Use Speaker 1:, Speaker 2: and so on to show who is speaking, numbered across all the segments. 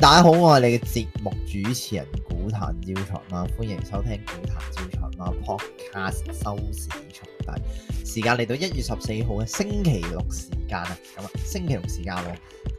Speaker 1: 大家好，我係你嘅節目主持人股壇招財貓。歡迎收聽股壇招財貓。podcast 收市速遞。時間嚟到一月十四號嘅星期六時間啊，咁啊星期六時間，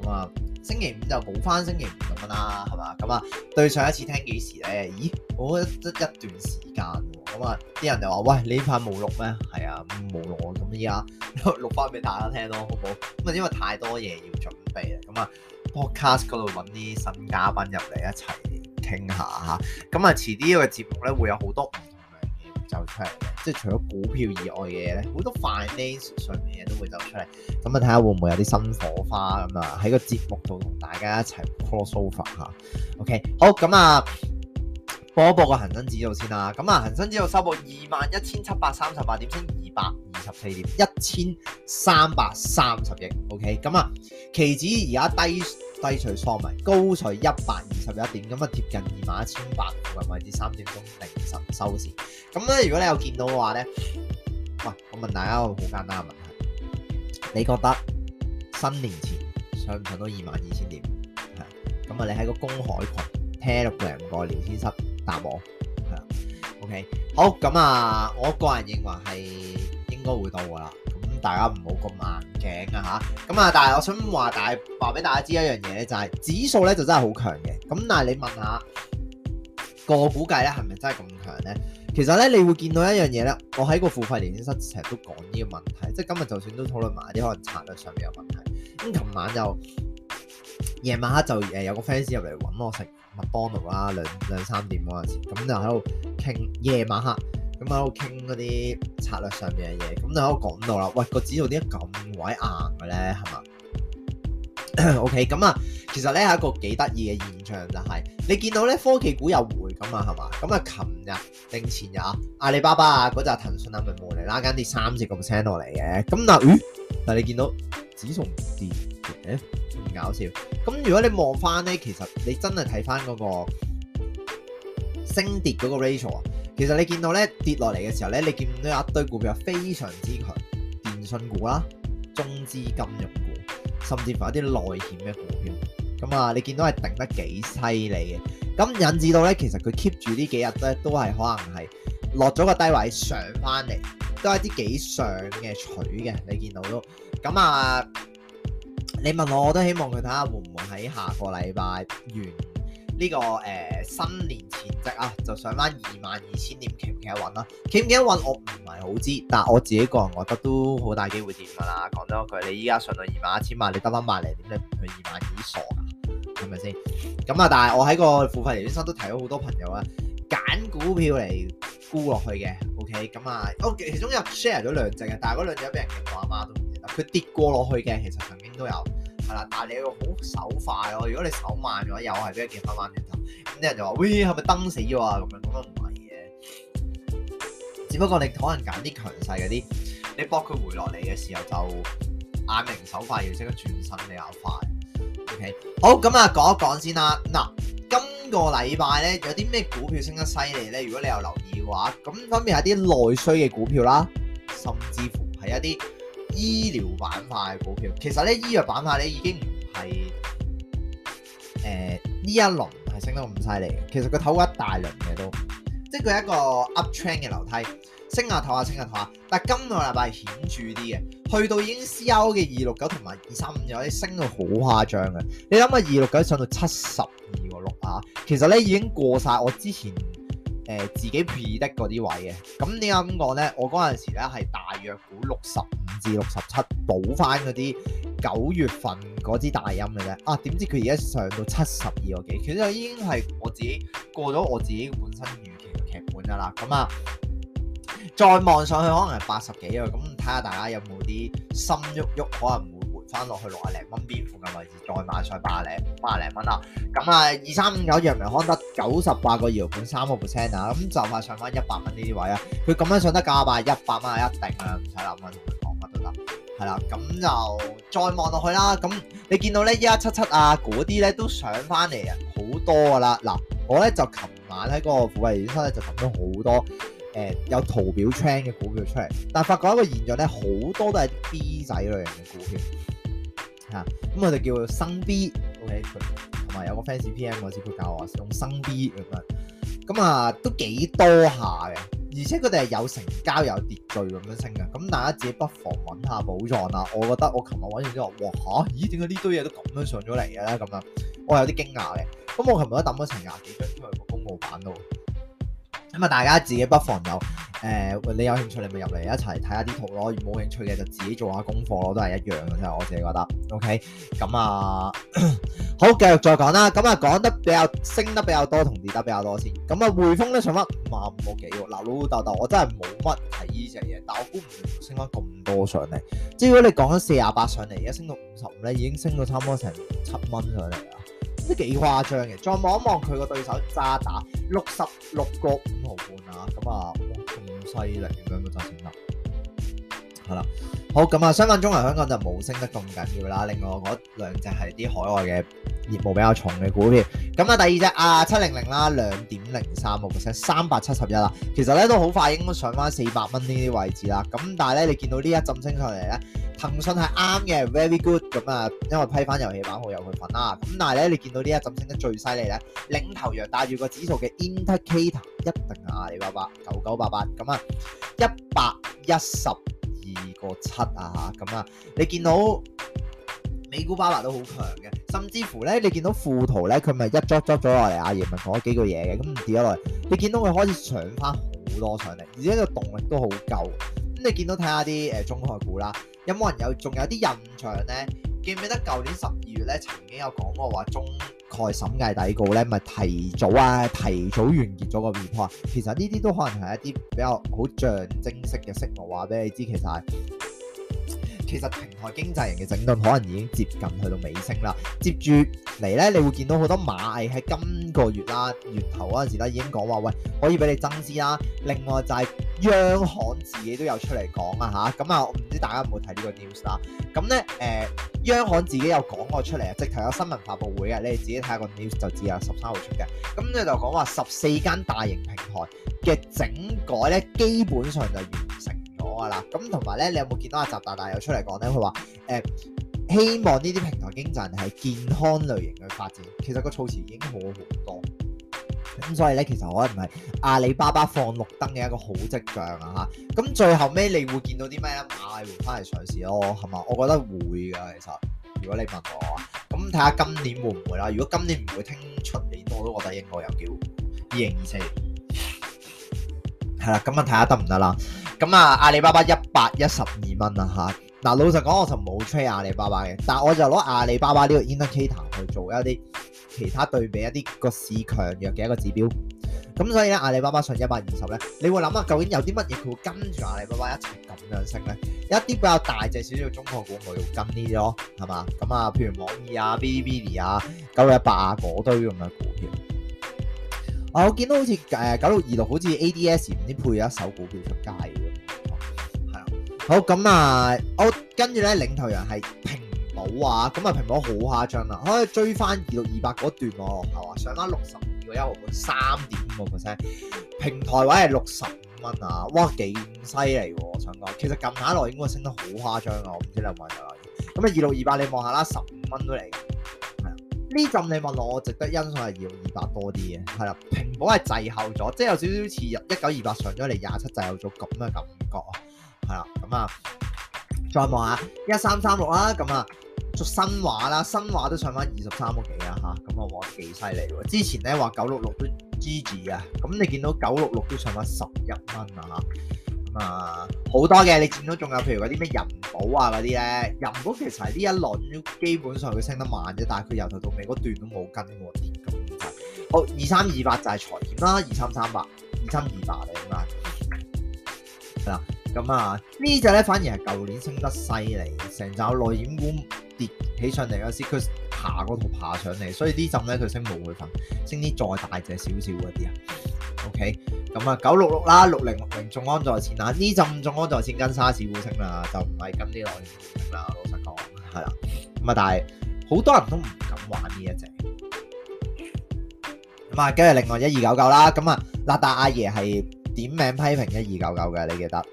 Speaker 1: 咁啊星期五就補翻星期五咁樣啦，係嘛？咁啊對上一次聽幾時咧？咦，我覺得一段時間，咁啊啲人就話喂，你份冇錄咩？係啊冇錄，咁而家錄翻俾大家聽咯，好唔好？咁啊因為太多嘢要準備啊，咁啊。podcast 嗰度揾啲新嘉賓入嚟一齊傾下吓，咁啊遲啲嘅節目咧會有好多唔同樣嘢走出嚟，嘅，即係除咗股票以外嘅嘢咧，好多 finance 上面嘅嘢都會走出嚟，咁啊睇下會唔會有啲新火花咁啊喺個節目度同大家一齊 crossover 吓，OK 好咁啊，播一播個恒生指數先啦，咁啊恒生指數收報二萬一千七百三十八點升二百二十四點一千三百三十億，OK 咁啊期指而家低。低除粟米，高除一百二十一點，咁啊接近二萬一千八嘅位置，三點鐘零十收市。咁咧，如果你有見到嘅話咧，喂，我問大家一個好簡單嘅問題，你覺得新年前上唔上到二萬二千點？係，咁啊你喺個公海群 Telegram 個聊天室答我，係啦，OK，好，咁啊，我個人認為係應該會到㗎啦。大家唔好咁硬頸啊吓。咁啊，但係我想話，但係話俾大家知一樣嘢咧，就係指數咧就真係好強嘅。咁但係你問下個估計咧，係咪真係咁強咧？其實咧，你會見到一樣嘢咧，我喺個付費連接室成日都講呢個問題，即係今日就算都討論埋啲可能策略上面有問題。咁琴晚就夜晚黑就誒有個 fans 入嚟搵我食麥當勞啦，兩兩三點嗰陣時，咁就喺度傾夜晚黑。喺度傾嗰啲策略上面嘅嘢，咁就喺度講到啦。喂，個指數點解咁鬼硬嘅咧？係嘛？OK，咁啊，其實咧係一個幾得意嘅現象就係、是，你見到咧科技股又回咁啊，係嘛？咁啊，琴日定前日啊，阿里巴巴啊嗰隻騰訊啊，咪無嚟啦，間跌三成咁 send 落嚟嘅。咁嗱、呃，但係你見到指數跌，誒，唔搞笑。咁如果你望翻咧，其實你真係睇翻嗰個升跌嗰個 ratio 啊。其實你見到咧跌落嚟嘅時候咧，你見到有一堆股票非常之強，電信股啦、中資金融股，甚至乎一啲內險嘅股票，咁啊，你見到係定得幾犀利嘅，咁引致到咧，其實佢 keep 住呢幾日咧都係可能係落咗個低位上返嚟，都係啲幾上嘅取嘅，你見到咯，咁啊，你問我我都希望佢睇下會唔會喺下個禮拜完。呢、這個誒、呃、新年前夕啊，就上翻二萬二千點，企唔企得穩啦？企唔企得穩，我唔係好知，但係我自己個人覺得都好大機會跌㗎啦。講多句，你依家上到二萬一千萬，你得翻萬零點啫，去二萬幾傻㗎，係咪先？咁啊，但係我喺個付費聊天室都睇到好多朋友啊，揀股票嚟沽落去嘅，OK？咁啊，我、哦、其其中有 share 咗兩隻嘅，但係嗰兩隻俾人強暴阿媽都唔得，佢跌過落去嘅，其實曾經都有。係啦，但係你要好手快哦。如果你手慢嘅話，又係俾佢建翻翻轉頭。咁啲人就話，喂，係咪燈死咗啊？咁樣，咁都唔係嘅。只不過你可能揀啲強勢嗰啲，你搏佢回落嚟嘅時候就，就眼明手快，要識得轉身比較快。OK，好，咁啊，講一講先啦。嗱，今個禮拜咧，有啲咩股票升得犀利咧？如果你有留意嘅話，咁分別係啲內需嘅股票啦，甚至乎係一啲。醫療板塊股票，其實咧，醫藥板塊咧已經唔係誒呢一輪係升得咁犀利嘅，其實佢唞過一大輪嘅都，即係佢一個 up trend 嘅樓梯，升下唞下，升下唞下，但係今個禮拜顯著啲嘅，去到已經 CO 嘅二六九同埋二三五有啲升到好誇張嘅，你諗下，二六九上到七十二個六啊，其實咧已經過晒我之前。誒自己 P 的嗰啲位嘅，咁點解咁講咧？我嗰陣時咧係大約估六十五至六十七補翻嗰啲九月份嗰支大陰嘅啫，啊點知佢而家上到七十二個幾，其實已經係我自己過咗我自己本身預期嘅劇本噶啦，咁啊再望上去可能係八十幾啊，咁睇下大家有冇啲心喐喐可能。翻落去六廿零蚊邊盤嘅位置，再買上八廿零八廿零蚊啦。咁啊，二三五九藥明康德九十八個搖盤三個 percent 啊，咁就快上翻一百蚊呢啲位啊！佢咁樣上得九廿八，一百蚊啊一定啊，唔使諗啊，講乜都得，係啦。咁就再望落去啦。咁你見到咧一七七啊嗰啲咧都上翻嚟啊，好多噶啦。嗱，我咧就琴晚喺個富慧研升咧就揼咗好多誒、呃、有圖表 trend 嘅股票出嚟，但係發覺一個現象咧，好多都係 B 仔類型嘅股票。吓、啊，咁我哋叫做生 B，OK，同埋有個 fans PM 嗰時佢教我用生 B 咁樣，咁啊都幾多下嘅，而且佢哋係有成交有秩序咁樣升嘅，咁大家自己不妨揾下寶藏啦。我覺得我琴日揾完之後，哇吓、啊，咦，點解呢堆嘢都咁樣上咗嚟嘅咧？咁啊，我有啲驚訝嘅。咁我琴日都抌咗成廿幾張去個公告板度，咁啊，大家自己不妨有。誒、呃，你有興趣你咪入嚟一齊睇下啲圖咯，冇興趣嘅就自己做下功課咯，都係一樣嘅啫。我自己覺得，OK，咁啊，好繼續再講啦。咁啊，講得比較升得比較多同跌得比較多先。咁啊，匯豐咧，上翻五萬五毫幾喎。嗱，老老豆豆，我真係冇乜睇呢隻嘢，但我估唔會升翻咁多上嚟。即係如果你講緊四廿八上嚟，而家升到五十五咧，已經升到差唔多成七蚊上嚟啦。都幾誇張嘅，再望一望佢個對手渣打六十六個五毫半啊，咁啊，仲犀利咁樣嘅就算啦，係啦。好，咁啊，相反中華香港就冇升得咁緊要啦。另外嗰兩隻係啲海外嘅業務比較重嘅股票。咁啊，第二隻啊七零零啦，兩點零三個 percent，三百七十一啦。其實咧都好快應該上翻四百蚊呢啲位置啦。咁但係咧你見到呢一浸升上嚟咧，騰訊係啱嘅，very good。咁啊，因為批翻遊戲版號有佢份啦。咁但係咧你見到呢一浸升得最犀利咧，領頭羊帶住個指數嘅 indicator 一定係阿里巴巴九九八八。咁啊，一百一十。七啊吓咁啊，你見到美股巴拉都好強嘅，甚至乎咧你見到富途咧佢咪一捉捉咗落嚟，阿葉文講咗幾句嘢嘅，咁跌咗落嚟，你見到佢開始搶翻好多上嚟，而且個動力都好夠。咁你見到睇下啲誒中概股啦，有冇人有仲有啲印象咧？記唔記得舊年十二月咧曾經有講過話中？在審計底稿咧，咪提早啊，提早完結咗個 report。其實呢啲都可能係一啲比較好象徵式嘅色務，話俾你知其實。其實平台經濟人嘅整頓可能已經接近去到尾聲啦。接住嚟呢，你會見到好多螞蟻喺今個月啦、啊、月頭嗰陣時啦，已經講話喂，可以俾你增資啦、啊。另外就係央行自己都有出嚟講啊吓，咁啊，唔、嗯、知道大家有冇睇呢個 news 啦、啊？咁呢，誒、呃，央行自己有講過出嚟啊，直頭有新聞發佈會啊，你哋自己睇下個 news 就知啊。十三號出嘅。咁呢，就講話十四間大型平台嘅整改呢，基本上就完成。咁同埋咧，你有冇見到阿習大大又出嚟講咧？佢話誒，希望呢啲平台經濟係健康類型嘅發展。其實個措辭已經好好多，咁所以咧，其實可能係阿里巴巴放綠燈嘅一個好跡象啊！吓，咁最後尾你會見到啲咩啊？螞蟻回翻嚟上市咯，係嘛？我覺得會噶，其實如果你問我，咁睇下今年會唔會啦？如果今年唔會，聽出年我都覺得應該有機會二零二四年，係 啦，咁問睇下得唔得啦？咁啊，阿里巴巴一百一十二蚊啊，吓，嗱，老實講，我就冇 trade 阿里巴巴嘅，但係我就攞阿里巴巴呢個 indicator 去做一啲其他對比一啲個市強弱嘅一個指標。咁所以咧，阿里巴巴上一百二十咧，你會諗下究竟有啲乜嘢佢會跟住阿里巴巴一齊咁樣升咧？一啲比較大隻少少嘅中國股我要跟呢啲咯，係嘛？咁啊，譬如網易啊、嗶哩嗶哩啊、九六一八啊嗰堆咁樣股票。啊，我見到好似誒九六二六好似 ADS 唔知配咗一手股票出街。好咁啊！我跟住咧，領頭人係平保啊！咁啊，平保好誇張啊，可以追翻二六二八嗰段喎，係啊，上翻六十二個一毫半，三點五個 percent。平台位係六十五蚊啊！哇，幾犀利喎！我想講，其實撳下落應該升得好誇張啊！我唔知你有冇留意？咁啊，二六二八你望下啦，十五蚊都嚟。係啊，呢陣你問我，我值得欣賞係二六二八多啲嘅，係啦。平保係滯後咗，即係有少少似一九二八上咗嚟廿七滯後咗咁嘅感覺啊！.係啦，咁啊，再望下一三三六啦，咁啊，做新華啦，新華都上翻二十三個幾啊，吓，咁啊，哇，幾犀利喎！之前咧話九六六都支持啊，咁你見到九六六都上翻十一蚊啊，吓，咁啊，好多嘅，你見到仲有譬如嗰啲咩人保啊嗰啲咧，人保其實係呢一輪基本上佢升得慢啫，但係佢由頭到尾嗰段都冇跟過跌嘅，好，二三二八就係財險啦，二三三八，二三二八嚟嘅嘛，係啦。咁啊，這個、呢隻咧反而係舊年升得犀利，成紮內險股跌起上嚟嗰時，佢爬嗰度爬上嚟，所以陣呢浸咧佢升冇佢份，升啲再大隻少少嗰啲啊。OK，咁啊九六六啦，六零六零眾安在線啊。呢浸眾安在線跟沙士股升啦，就唔係跟啲內險股升啦。老實講係啦，咁啊，啊，但係好多人都唔敢玩呢一隻。咁啊，跟住另外一二九九啦，咁啊，立達阿爺係點名批評一二九九嘅，你記得？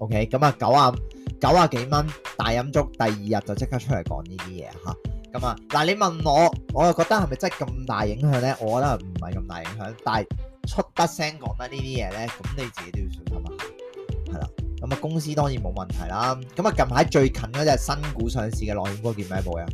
Speaker 1: O.K. 咁啊，九啊九啊幾蚊大陰燭，第二日就即刻出嚟講呢啲嘢吓。咁啊，嗱你問我，我又覺得係咪真係咁大影響咧？我覺得唔係咁大影響，但係出得聲講得呢啲嘢咧，咁你自己都要小心啊。係啦，咁啊公司當然冇問題啦。咁啊近排最近嗰隻新股上市嘅內險股叫咩股啊？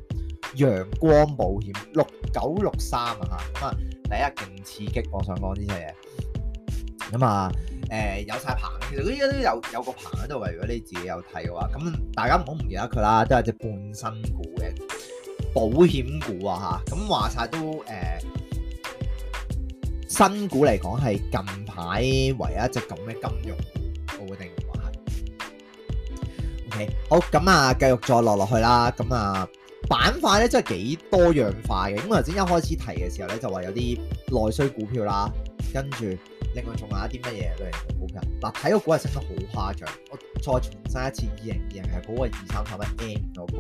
Speaker 1: 陽光保險六九六三啊嚇。咁啊第一勁刺激，我想講呢隻嘢。咁啊。誒、呃，有晒棚，其實依家都有有個棚喺度嘅。如果你自己有睇嘅話，咁大家唔好唔記得佢啦。都係隻半新股嘅保險股啊，吓、啊、咁話晒都誒、呃，新股嚟講係近排唯一隻咁嘅金融股我會定話係？OK，好，咁啊，繼續再落落去啦。咁啊，板塊咧真係幾多樣化嘅。咁頭先一開始提嘅時候咧，就話有啲內需股票啦。跟住，另外仲有一啲乜嘢類型嘅股嘅？嗱，體育股係升得好誇張。我再重申一次，二零二零係嗰個二三十蚊 M 多盤，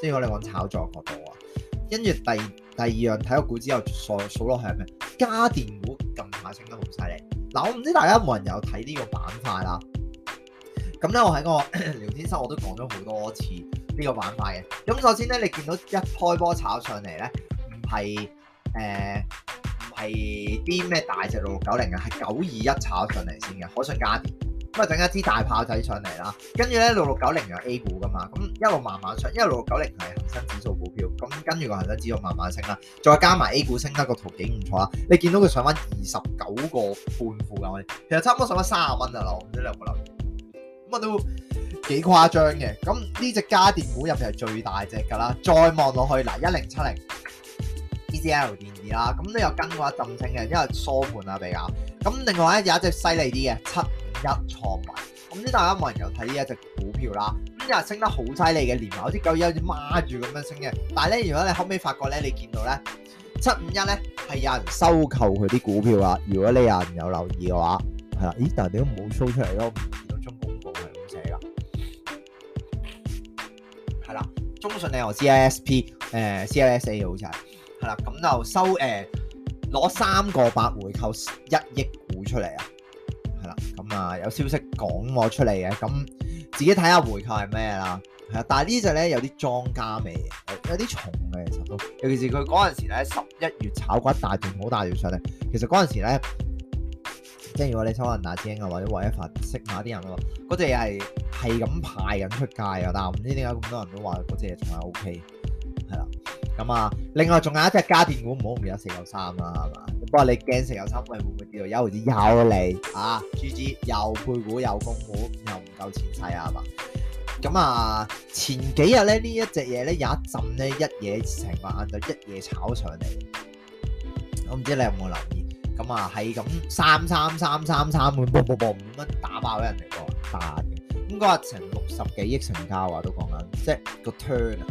Speaker 1: 即係我哋講炒作角度啊。跟住第二第二樣體育股之後，數數落係咩？家電股咁快升得好犀利。嗱，我唔知大家冇人有睇呢個板塊啦。咁咧，我喺個 聊天室我都講咗好多次呢個板塊嘅。咁首先咧，你見到一開波炒上嚟咧，唔係誒？呃係啲咩大隻六六九零啊，係九二一炒上嚟先嘅，可信家電咁啊等一支大炮仔上嚟啦，跟住咧六六九零又 A 股噶嘛，咁一路慢慢上，因為六六九零係恒生指數股票，咁跟住個恒生指數慢慢升啦，再加埋 A 股升得個圖景唔錯啊，你見到佢上翻二十九個半股價，其實差唔多上翻三十蚊啊，我唔知你有冇留意，咁啊都幾誇張嘅，咁呢隻家電股入邊係最大隻噶啦，再望落去嗱一零七零。GCL 電子啦，咁都有跟嘅話，一陣升嘅，因為縮盤啊比較。咁另外咧有一隻犀利啲嘅七五一創維，咁呢大家有冇人有睇呢一隻股票啦？咁又係升得好犀利嘅年貿，啲狗妖住孖住咁樣升嘅。但係咧，如果你後尾發覺咧，你見到咧七五一咧係有人收購佢啲股票啊！如果你有人有留意嘅話，係啦，咦？但係點解冇出嚟咯？唔見到張公告係咁寫噶，係啦，中信你我 CISP 誒、呃、CISA 好似係。係啦，咁就收誒攞三個八回購，一億股出嚟啊！係啦，咁啊有消息講我出嚟嘅，咁自己睇下回購係咩啦？係啊，但係呢隻咧有啲莊家味，有啲重嘅其實都，尤其是佢嗰陣時咧十一月炒過一大段好大段上嚟，其實嗰陣時咧，即係如果你炒人打尖啊，或者華一凡識買啲人咯，嗰隻係係咁派緊出街啊，但係唔知點解咁多人都話嗰嘢仲係 O K，係啦。咁啊，另外仲有一隻家電股唔好，唔記得四九三啦，係嘛？ 會不過你驚四九三股會唔會跌到優子優利啊？諸子、啊、又配股又供股又唔夠錢使啊嘛？咁啊，前幾日咧呢一隻嘢咧有一陣咧一嘢成晏就一嘢炒上嚟，我唔知你有冇留意？咁啊，係咁三三三三三咁 boom boom boom 打爆咗人哋個盤嘅，咁嗰日成六十幾億成交啊都講緊，即係個 turn 啊，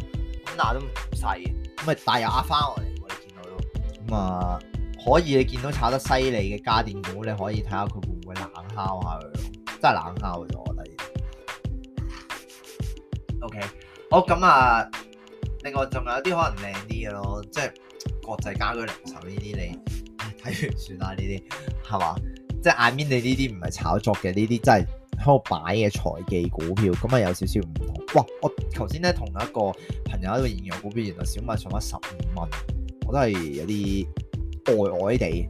Speaker 1: 咁但係都唔細嘅。咪大又壓翻我哋，我哋見到咯。咁啊，可以你見到炒得犀利嘅家電股，你可以睇下佢會唔會冷敲下佢咯，真係冷敲咗我覺得。OK，好咁啊。另外仲有啲可能靚啲嘅咯，即係國際家居零售呢啲，你睇完算啦。呢啲係嘛？即係眼面，I mean, 你呢啲唔係炒作嘅，呢啲真係。喺度擺嘅財技股票，咁啊有少少唔同。哇！我頭先咧同一個朋友喺度現有股票，原來小米上咗十五蚊，我都係有啲呆呆地。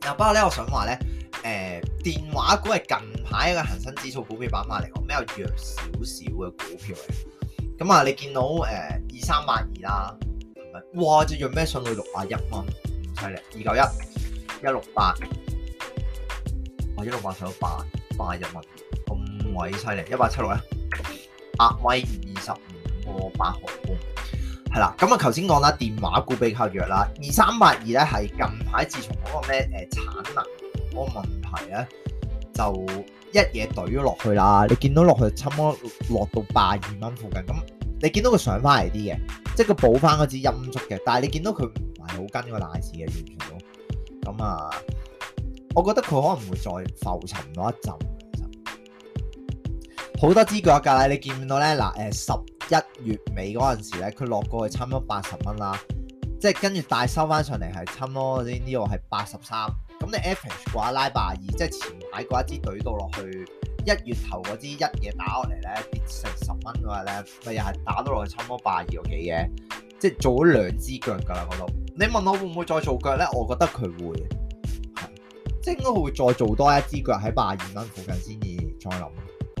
Speaker 1: 嗱，不過咧，我想話咧，誒、呃、電話股係近排一個恒生指數股票板塊嚟嘅，比較弱少少嘅股票嚟。咁啊，你見到誒二三萬二啦，係、呃、咪？2320，哇！就用咩上到六百一蚊，唔犀利！二九一，一六八。一六八手八八入物咁鬼犀利，一百七六咧，百威二十五個八毫半，係啦。咁啊，頭先講啦，電話股比較弱啦。二三八二咧，係近排，自從嗰個咩誒產能嗰個問題咧，就一嘢懟咗落去啦。你見到落去，差唔多落到百二蚊附近。咁你見到佢上翻嚟啲嘅，即係佢補翻嗰支陰燭嘅。但係你見到佢唔係好跟個大市嘅，完全都咁啊。我覺得佢可能會再浮沉多一陣，好多支腳噶啦。你見唔到咧？嗱，誒十一月尾嗰陣時咧，佢落過去差唔多八十蚊啦，即係跟住大收翻上嚟係差唔多。呢呢個係八十三。咁你 average 嘅話拉八二，即係前排嗰一支隊到落去一月頭嗰支一嘢打落嚟咧，跌成十蚊嗰日咧，咪又係打到落去差唔多八二個幾嘅，即係做咗兩支腳噶啦嗰度。你問我會唔會再做腳咧？我覺得佢會。即係應該會再做多一支腳喺八二蚊附近先至再諗，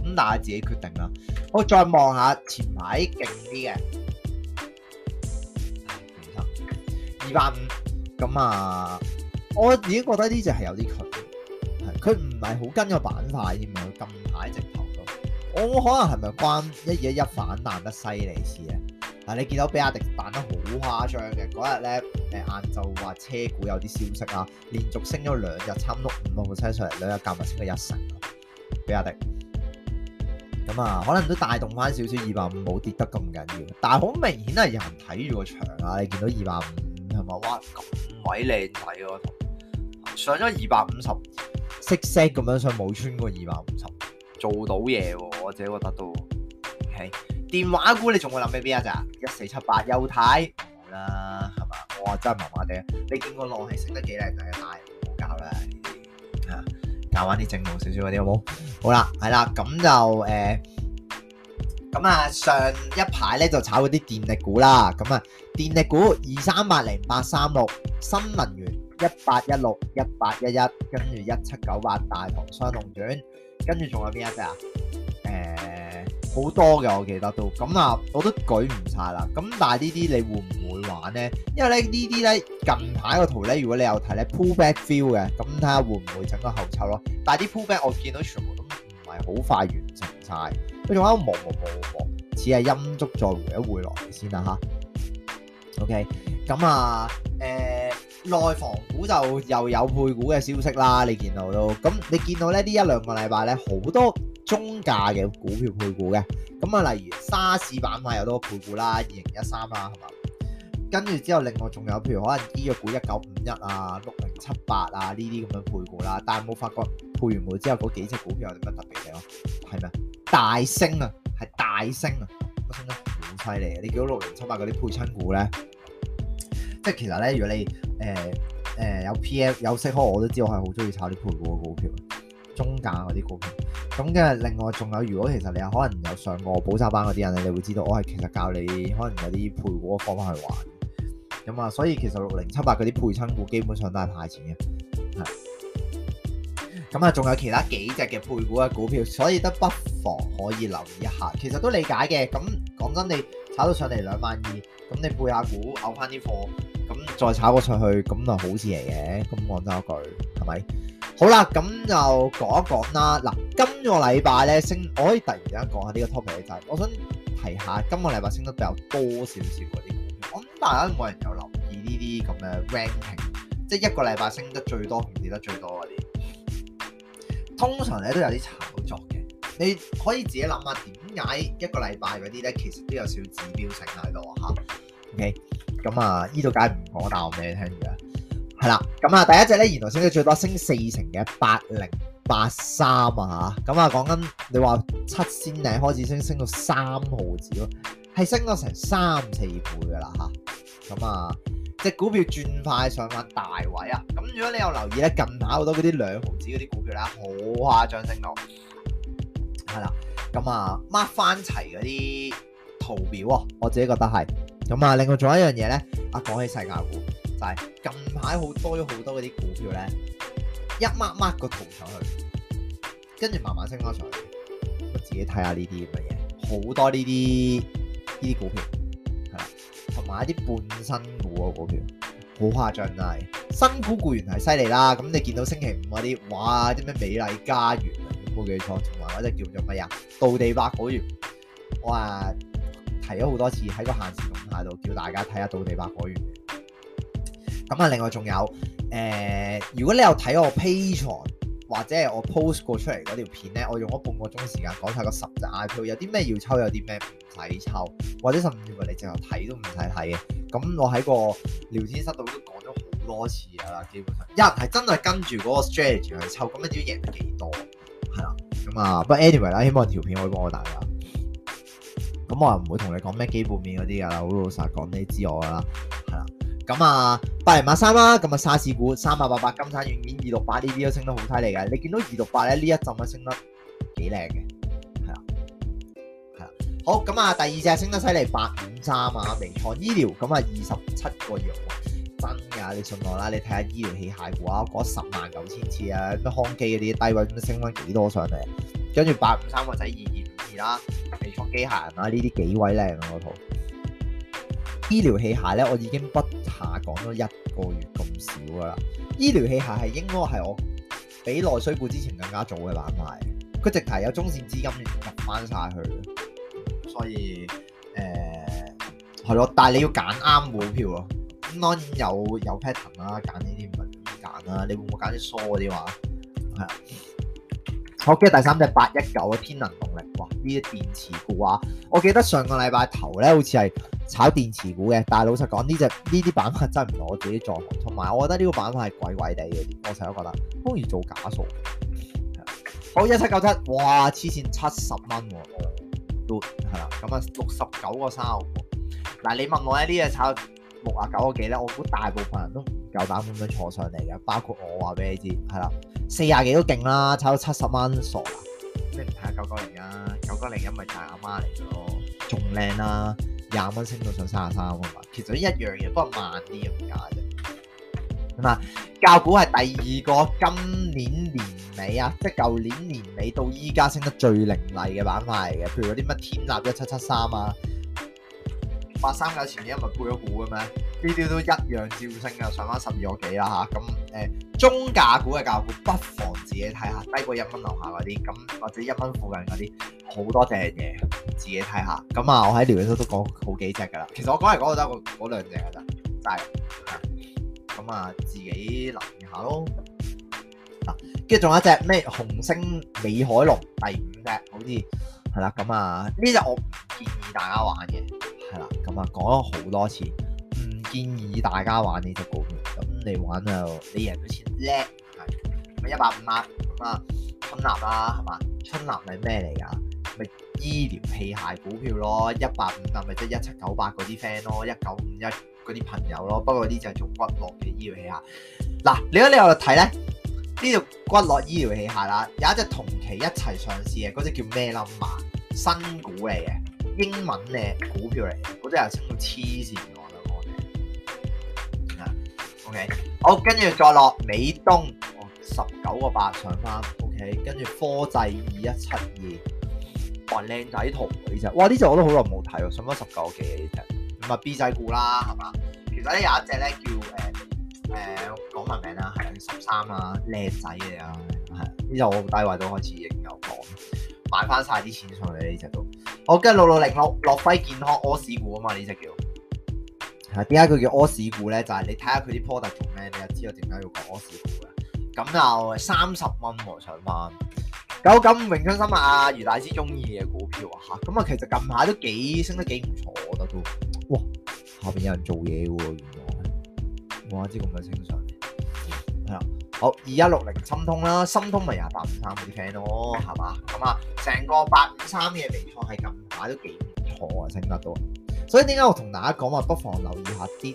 Speaker 1: 咁大家自己決定啦。我再望下前排勁啲嘅，二百五咁啊，我已經覺得呢隻係有啲強，係佢唔係好跟個板塊添啊。近排直頭都，我可能係咪關一二一一反彈得犀利先啊？嗱，你見到比亞迪彈得好誇張嘅嗰日咧，誒晏晝話車股有啲消息啊，連續升咗兩日，差唔多五個 percent 上嚟，兩日夾埋升咗一成，比亞迪。咁啊，可能都帶動翻少少二百五冇跌得咁緊要，但係好明顯係人睇住個場啊！你見到二百五係咪？哇，咁鬼靚仔喎，上咗二百五十，色色咁樣上冇穿過二百五十，做到嘢喎，我自己覺得都係。電話股你仲會諗起邊一隻啊？咋一四七八丘鈦啦，係嘛？我真係麻麻地，你見個浪係升得幾靚仔，太唔好搞啦吓、啊，搞翻啲正路少少嗰啲好冇？好啦，係啦，咁就誒，咁、欸、啊上一排咧就炒嗰啲電力股啦，咁啊電力股二三八零八三六，新能源一八一六一八一一，跟住一七九八大唐雙龍卷，跟住仲有邊一隻啊？咋、欸、誒？好多嘅我記得都咁啊，我都舉唔晒啦。咁但係呢啲你會唔會玩呢？因為咧呢啲咧近排個圖咧，如果你有睇咧 pullback feel 嘅，咁睇下會唔會整個後抽咯。但係啲 pullback 我見到全部都唔係好快完成晒，佢仲喺度磨磨磨磨，似係陰燭再回一回來先啦吓 OK，咁啊，誒、呃、內房股就又有配股嘅消息啦，你見到都咁你見到咧呢呢一兩個禮拜咧好多。中價嘅股票配股嘅。咁啊，例如沙士板塊有多個配股啦，二零一三啦，係嘛？跟住之後，另外仲有，譬如可能醫藥股一九五一啊、六零七八啊呢啲咁嘅配股啦，但係冇發覺配完股之後嗰幾隻股票有啲乜特別嘅。咯，係咪大升啊？係大升啊，我升得好犀利。你見到六零七八嗰啲配親股咧，即係其實咧，如果你誒誒、呃呃、有 P M 有識開，我都知我係好中意炒啲配股嘅股票。中價嗰啲股票，咁嘅另外仲有，如果其實你可能有上過補習班嗰啲人咧，你會知道我係其實教你可能有啲配股嘅方法去玩，咁啊，所以其實六零七八嗰啲配親股基本上都係派錢嘅，係。咁啊，仲有其他幾隻嘅配股嘅股票，所以都不妨可以留意一下。其實都理解嘅，咁講真，你炒到上嚟兩萬二，咁你配下股，摳翻啲貨，咁再炒個出去，咁就好似嚟嘅，咁講真一句係咪？好啦，咁就講一講啦。嗱，今個禮拜咧升，我可以突然間講下呢個 topic 咧就係，我想提下今個禮拜升得比較多少少嗰啲股票。咁但係冇人有留意呢啲咁嘅 ranking，即係一個禮拜升得最多同跌得最多嗰啲，通常咧都有啲炒作嘅。你可以自己諗下點解一個禮拜嗰啲咧，其實都有少指標性喺度啊 OK，咁啊，呢度梗係唔講鬧俾你聽嘅。係啦，咁啊，第一隻咧，原來升得最多，升四成嘅八零八三啊吓，咁啊，講緊你話七仙零開始升，升到三毫子咯，係升咗成三四倍噶啦吓，咁啊，隻股票轉快上翻大位啊，咁如果你有留意咧，近排好多嗰啲兩毫子嗰啲股票咧，好誇張升到，係啦，咁啊，mark 翻齊嗰啲圖表啊，我自己覺得係，咁啊，另外仲有一樣嘢咧，啊，講起世界股。但係近排好多咗好多嗰啲股票咧，一掹掹個圖上去，跟住慢慢升翻上去。我自己睇下呢啲咁嘅嘢，好多呢啲呢啲股票，係啦，同埋一啲半新股嘅股票，好誇張啊！但係新股股源係犀利啦，咁你見到星期五嗰啲，哇！啲咩美麗家園，冇記錯，同埋或者叫做咩啊？道地百果園，我話提咗好多次喺個限時動態度，叫大家睇下道地百果園。咁啊，另外仲有，誒、呃，如果你有睇我 Patreon 或者我 post 過出嚟嗰條片咧，我用咗半個鐘時，時間講晒個十隻 IPO，有啲咩要抽，有啲咩唔使抽，或者甚至乎你淨係睇都唔使睇嘅。咁我喺個聊天室度都講咗好多次啦，基本上，有人係真係跟住嗰個 strategy 去抽，咁你要贏得幾多？係啦，咁啊，不過 anyway 啦，希望條片可以幫到大家。咁我又唔會同你講咩基本面嗰啲噶啦，好老實講呢啲我外啦。咁啊，八零八三啦，咁啊，沙士股三八八八，金山軟件二六八呢啲都升得好犀利嘅。你見到二六八咧呢一浸啊升得幾靚嘅，係啊，係啊。好，咁啊，第二隻升得犀利，八五三啊，微創醫療咁啊，二十七個羊，真噶，你信我啦。你睇下醫療器械股啊，嗰十萬九千次啊，咩康基嗰啲低位咁都升翻幾多上嚟？跟住八五三個仔二二五二啦、啊，微創機械人啊，呢啲幾位靚啊嗰套。醫療器械咧，我已經不下講咗一個月咁少噶啦。醫療器械係應該係我比內需股之前更加早嘅板塊，佢直頭有中線資金入翻晒去，所以誒係咯。但係你要揀啱股票咯。咁當然有有 pattern 啦，揀呢啲唔係亂揀啦。你會唔會揀啲疏嗰啲話？我記得第三隻八一九嘅天能動力喎，呢啲電池股啊，我記得上個禮拜頭咧，好似係。炒電池股嘅，但係老實講，呢隻呢啲板塊真係唔係我自己在行，同埋我覺得呢個板塊係鬼鬼地嘅。我成日都覺得，好易做假數。好一七九七，1797，哇黐線七十蚊喎，都係啦。咁啊六十九個三毫。嗱、嗯嗯嗯、你問我咧，呢、這、隻、個、炒六啊九個幾咧，我估大部分人都唔夠膽咁樣坐上嚟嘅，包括我話俾你知係啦，四廿幾都勁啦，炒到七十蚊傻啦。你唔睇下九九零啊？九九零一咪就係阿媽嚟嘅咯，仲靚啦。廿蚊升到上三十三啊嘛，其實一樣嘢，不過慢啲咁加啫。咁啊，教股係第二個今年年尾啊，即係舊年年尾到依家升得最凌厲嘅板塊嚟嘅，譬如嗰啲乜天立一七七三啊，八三九前面唔係配咗股嘅咩？呢啲都一樣照升啊，上翻十二個幾啦嚇咁。誒，中價股嘅個股不妨自己睇下，低過一蚊樓下嗰啲，咁或者一蚊附近嗰啲，多好多正嘢，自己睇下。咁啊，我喺聊天室都講好幾隻噶啦，其實我講嚟講去都係嗰嗰兩隻噶咋，係，咁啊，自己留意下咯。嗱，跟住仲有一隻咩？紅星美凱龍，第五隻，好似係啦。咁啊，呢隻我唔建議大家玩嘅，係啦。咁啊，講咗好多次，唔建議大家玩呢隻股票。嚟玩啊，你贏咗錢叻，係咪一百五啊，咁啊？春立啊，係嘛？春立係咩嚟噶？咪醫療器械股票咯，一百五啊，咪即係一七九八嗰啲 friend 咯，一九五一嗰啲朋友咯。不過呢就係做骨骼嘅醫療器械。嗱，如果你又睇咧呢度骨骼醫療器械啦，有一隻同期一齊上市嘅，嗰隻叫咩冧碼？新股嚟嘅，英文咧股票嚟嘅，嗰隻又稱黐線。O、okay. K，好，跟住再落美東，十九個八上翻，O K，跟住科制二一七二，哇靚仔圖呢隻，哇呢隻我都好耐冇睇喎，上咗十九幾呢隻，唔係 B 仔股啦係嘛？其實咧有、呃啊、一隻咧叫誒誒講埋名啦，係十三啊靚仔嚟啊，呢隻我低位都開始認有講，買翻晒啲錢上嚟呢隻都，好跟住六六零六諾輝健康 All 股啊嘛呢隻叫。係、啊，點解佢叫柯屎股咧？就係、是、你睇下佢啲 product 做咩，你就知道點解要講柯屎股嘅。咁又三十蚊喎上翻，九金榮昌生物啊，余大師中意嘅股票啊，咁啊，其實近排都幾升得幾唔錯，我覺得都。哇，下邊有人做嘢喎、啊，原來。一知咁嘅清上。係、嗯、啦，好二一六零心通啦，心通咪廿八五三啲 friend 咯，係嘛？咁啊，成個八五三嘅微創係近排都幾唔錯啊，升得到。所以點解我同大家講話，不妨留意一下啲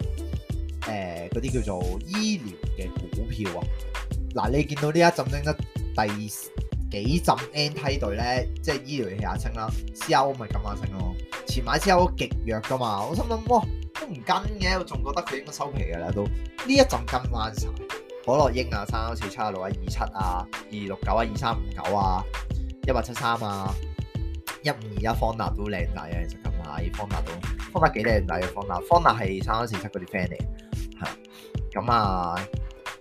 Speaker 1: 誒嗰啲叫做醫療嘅股票啊。嗱，你見到呢一陣拎得第幾浸 N 梯隊咧？即係醫療器械清啦，C.O. 咪跟下升咯。前晚 C.O. 極弱噶嘛，我心諗哇都唔跟嘅，我仲覺得佢應該收皮噶啦都。呢一陣跟翻曬，可樂英啊，三九四七啊，六一二七啊，二六九啊，二三五九啊，一八七三啊，一五二一方立都靚大啊，一陣啊！方達到，方達幾靚仔嘅方達，方達係三三四七嗰啲 friend 嚟，嚇咁啊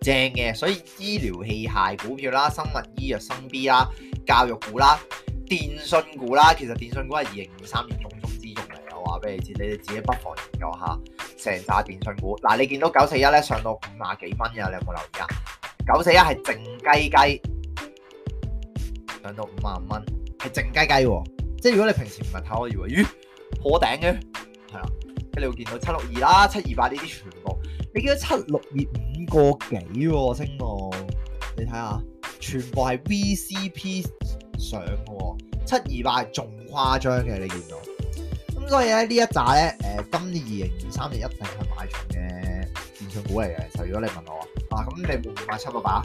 Speaker 1: 正嘅，所以醫療器械股票啦、生物醫藥生 B 啦、教育股啦、電訊股啦，其實電訊股係二零二三年重中之重嚟，我話俾你知，你哋自己不妨研究下成紮電訊股。嗱、啊，你見到九四一咧上到五十幾蚊嘅，你有冇留意啊？九四一係靜雞雞，上到五萬蚊，係靜雞雞喎、啊，即係如果你平時唔係睇，我以為咦？破頂嘅，係啦，咁你會見到七六二啦、七二八呢啲全部，你見到七六二五個幾喎、哦、升喎？你睇下，全部係 VCP 上嘅，七二八仲誇張嘅，你見到。咁所以咧呢一紮咧，誒、呃，今年二零二三年一定係買進嘅電信股嚟嘅。就如果你問我啊，咁你會唔會買七百八？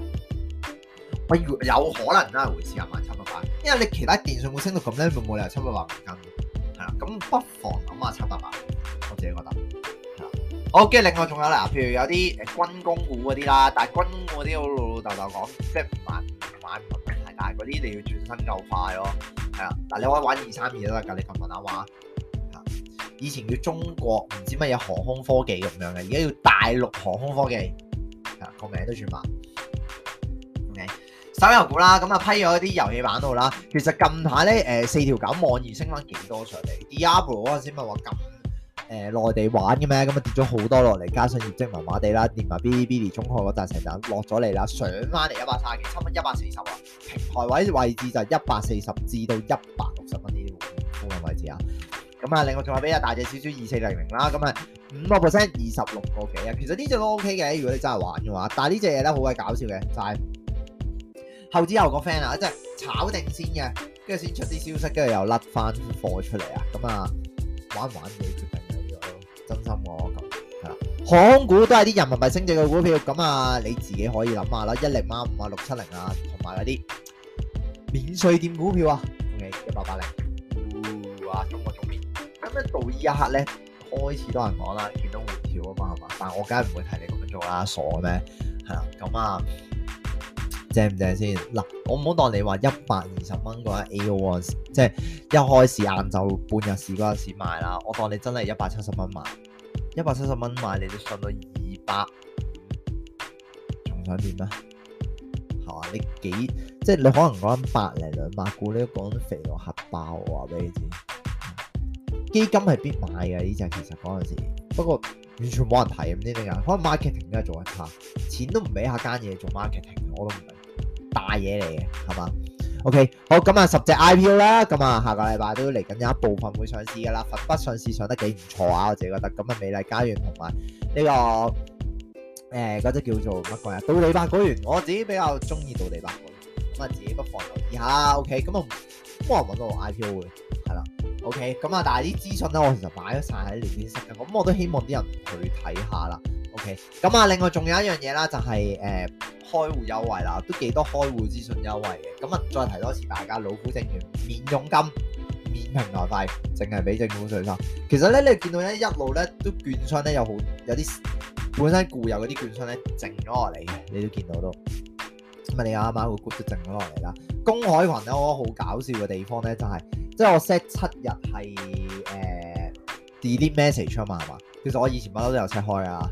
Speaker 1: 我有，有可能啦，會試下買七百八，因為你其他電信股升到咁咧，冇冇理由七百八唔跟？係啦，咁不妨諗下七百萬，我自己覺得，係啦。好，跟住另外仲有啦，譬如有啲誒軍工股嗰啲啦，但係軍股嗰啲我老豆豆講，即係唔買唔係問題，但係嗰啲你要轉身夠快咯、哦，係啦。嗱，你可以玩二三二都得噶，你琴問，問下我啊。以前叫中國唔知乜嘢航空科技咁樣嘅，而家叫大陸航空科技，啊個名都轉埋。手遊股啦，咁啊批咗啲遊戲版號啦。其實近排咧，誒、呃、四條九網易升翻幾多上嚟？Diablo 嗰陣時咪話咁誒內地玩嘅咩？咁啊跌咗好多落嚟，加上業績麻麻地啦，連埋嗶哩嗶哩中學嗰陣時就落咗嚟啦，上翻嚟一百三十幾七蚊，一百四十啊，平台位置就是140至160，啊、位置就一百四十至到一百六十蚊呢啲附近位置啊。咁啊，另外仲有俾啊大隻少少二四零零啦，咁啊五個 percent 二十六個幾啊。其實呢隻都 OK 嘅，如果你真係玩嘅話，但係呢隻嘢咧好鬼搞笑嘅就係、是。後之後個 friend 啊，即係炒定先嘅，跟住先出啲消息，跟住又甩翻貨出嚟啊！咁啊，玩唔玩你，決定咗真心我咁係啦。航空股都係啲人民幣升值嘅股票，咁啊你自己可以諗下啦，一零八五啊，六七零啊，同埋嗰啲免稅店股票啊，OK，一八八零，哇，中國中免咁啊，剛剛到呢一刻咧開始多人講啦，見到回跳啊嘛，係嘛，但係我梗係唔會提你咁樣做啦，傻咩？係啦，咁啊。正唔正先嗱？我唔好當你話一百二十蚊嗰一 A.O. One，即係一開始晏晝半日市嗰陣時買啦。我當你真係一百七十蚊買，一百七十蚊買你都上到二百，仲想點啊？係嘛？你幾即係你可能講百零兩百股，你都講肥到核爆我話俾你知。基金係必買嘅呢隻，其實嗰陣時不過完全冇人睇咁啲嘢，可能 marketing 都係做一 part，錢都唔俾下間嘢做 marketing，我都唔明。大嘢嚟嘅，係嘛？OK，好咁啊，十隻 IPO 啦，咁啊，下個禮拜都嚟緊有一部分會上市嘅啦。粉筆上市上得幾唔錯啊，我自己覺得。咁啊，美麗家園同埋呢個誒嗰隻叫做乜鬼啊？杜麗白股源，我自己比較中意杜麗白股源，咁啊自己不妨留意下。OK，咁啊冇人揾到我 IPO 嘅，係啦。OK，咁啊，但係啲資訊咧，我其實擺咗曬喺連結式嘅，咁我都希望啲人去睇下啦。咁啊，另外仲有一樣嘢啦，就係誒開戶優惠啦，都幾多開戶資訊優惠嘅。咁啊，再提多次，大家老虎證券免佣金、免平台費，淨係俾政府稅收。其實咧，你見到咧一路咧都券商咧有好有啲本身固有嗰啲券商咧淨咗落嚟嘅，你都見到剛剛都。咁啊，你啱啱個 group 都淨咗落嚟啦。公海群咧，我覺得好搞笑嘅地方咧，就係即係我 set 七日係誒 delete message 啊嘛，係、呃、嘛？其實我以前乜都都有 set 開啊。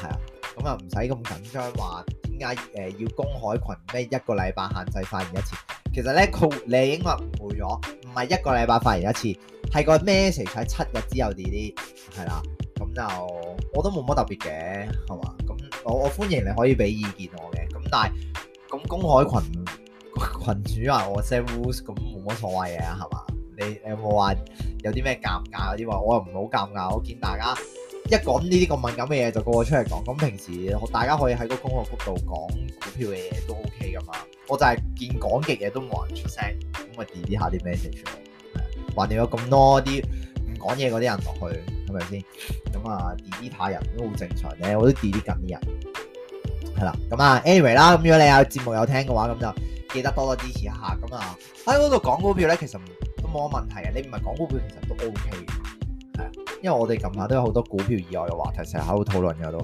Speaker 1: 係啊，咁又唔使咁緊張話點解誒要公海群咩一個禮拜限制發言一次？其實咧佢你應該誤會咗，唔係一個禮拜發言一次，係個 message 喺七日之後 d 啲 l 係啦。咁、啊、就我都冇乜特別嘅，係嘛？咁我我歡迎你可以俾意見我嘅。咁但係咁公海群群主話我 set rules，咁冇乜所謂嘅係嘛？你誒有冇話有啲咩尷尬嗰啲話？我又唔好尷尬，我見大家。一講呢啲咁敏感嘅嘢就個個出嚟講，咁平時大家可以喺個公眾局度講股票嘅嘢都 OK 噶嘛，我就係見講極嘢都冇人一出聲，咁啊 delete 下啲 message，話掉有咁多啲唔講嘢嗰啲人落去，係咪先？咁啊 delete 派人都好正常嘅，我都 delete 緊啲人。係啦，咁啊，Anyway 啦，咁如果你有節目有聽嘅話，咁就記得多多支持一下。咁啊，喺嗰度講股票咧，其實都冇乜問題啊，你唔係講股票其實都 OK。因為我哋近排都有好多股票以外嘅話題，成日喺度討論嘅都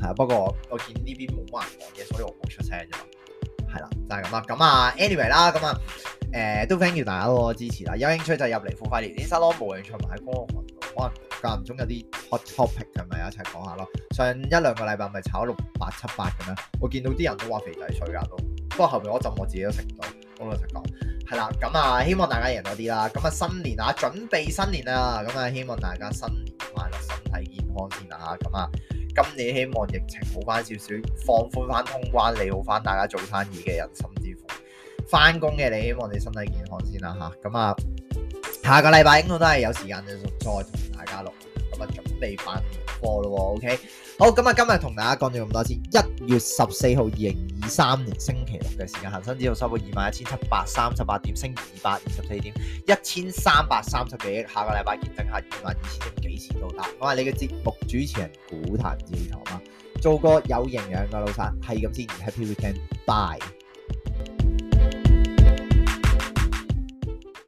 Speaker 1: 係啊。不過我見呢邊冇乜人講嘢，所以我冇出聲啫嘛。係啦，就係咁啦。咁啊，anyway 啦，咁啊，誒、呃、都 thank you 大家多支持啦。有興趣就入嚟付費聊天室咯。冇興趣咪喺公眾群度。可能間唔中有啲 hot topic 係咪一齊講下咯？上一兩個禮拜咪炒六八七八咁樣，我見到啲人都話肥仔水噶都。不過後面嗰陣我自己都食唔到。我老實講係啦，咁啊、嗯、希望大家贏多啲啦。咁、嗯、啊新年啊，準備新年啦。咁、嗯、啊希望大家新年快樂、啊，身體健康先啦吓。咁啊、嗯、今年希望疫情好翻少少，放寬翻通關，利好翻大家做生意嘅人甚至乎翻工嘅，你希望你身體健康先啦吓。咁啊、嗯、下個禮拜應該都係有時間再同大家錄，咁、嗯、啊準備翻課咯、啊。OK。好，今日同大家講咗咁多次，一月十四號二零二三年星期六嘅時間，恒生指數收報二萬一千七百三十八點，升二百二十四點，一千三百三十幾億。下個禮拜見證下二萬二千點幾時到達。我係你嘅節目主持人股壇招財貓啊，做個有營養嘅老實人，係咁先，Happy weekend，bye。